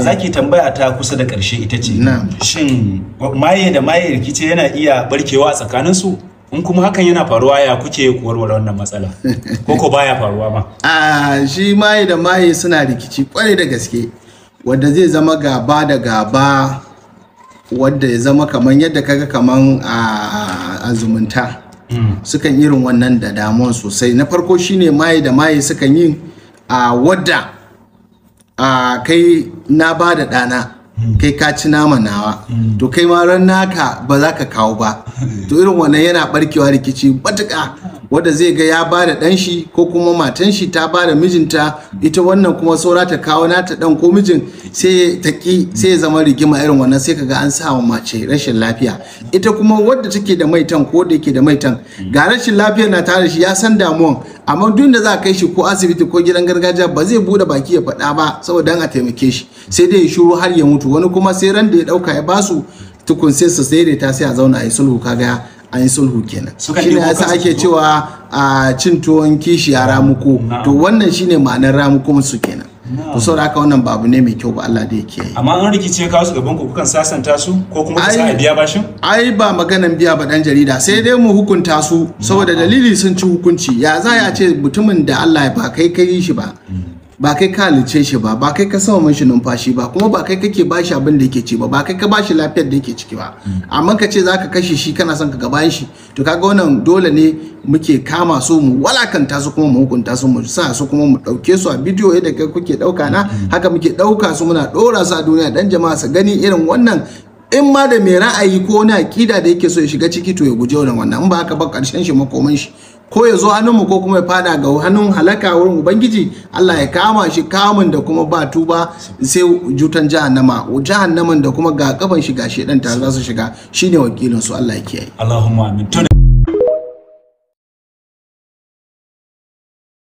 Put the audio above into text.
za ki tambaya ta kusa da ƙarshe ita ce shin maye da maye rikice yana iya barkewa tsakanin su in kuma hakan yana faruwa ya kuke warware wannan matsala ko ko baya faruwa ma shi maye da maye suna rikici kwarai da gaske wanda zai zama gaba da gaba wanda ya zama kamar yadda kaga kaman a zumunta hmm. sukan irin wannan da damuwa sosai na farko shine maye da maye sukan yi a wadda a kai na ba da ɗana hmm. kai ka ci nama nawa hmm. to kai ma ran naka ba za ka kawo ba to irin wannan yana barkewa rikici matuƙa wanda zai ga ya ba da ɗan shi ko kuma matan shi ta ba da mijinta ita wannan kuma saura ta kawo nata ɗan ko mijin sai ta ki sai ya zama rigima irin wannan sai kaga an sa wa mace rashin lafiya ita kuma wadda take da maitan ko da yake da maitan ga rashin lafiya na tare shi ya san damuwan amma duk da za a kai shi ko asibiti ko gidan gargajiya ba zai bude baki ya faɗa ba saboda an a taimake shi sai dai ya shiru har ya mutu wani kuma sai ran da ya dauka ya basu tukun sai su ta sai a zauna a yi sulhu kaga an yi sulhu kenan ne yasa ake cewa a cin tuwon kishi a ramuko to wannan shine ma'anar ramukon su kenan to sau haka wannan babu ne mai kyau ba Allah da yake yi amma an rikice ya kawo su gaban ku kukan sasanta su ko kuma ka sa biya bashin ai ba maganan biya ba dan jarida sai dai mu hukunta su saboda dalili sun ci hukunci ya za ya ce mutumin da Allah ya ba kai kai shi ba mm. ba kai ka halice shi ba ba kai ka sama mashi numfashi ba kuma ba kai kake ba shi abin da yake ci ba ba kai ka ba lafiyar da yake ciki ba hmm. amma ka ce zaka kashe shi kana son ka gaban shi to kaga wannan dole ne muke kama su mu walakanta su kuma mu hukunta su mu sa su kuma mu dauke su a bidiyo yadda kai kuke dauka na hmm. haka muke dauka su muna dora su a duniya dan jama'a su gani irin wannan in ma da mai ra'ayi ko na akida da yake so ya shiga ciki to ya guje wannan in ba haka ba karshen shi makoman shi ko ya zo hannunmu ko kuma ya fada ga hannun halaka wurin ubangiji Allah ya kama shi kamun da kuma ba tuba sai jutan jahannama jahannaman da kuma ga kafan shiga shedan ta za su shiga shine wakilin su Allah ya kiyaye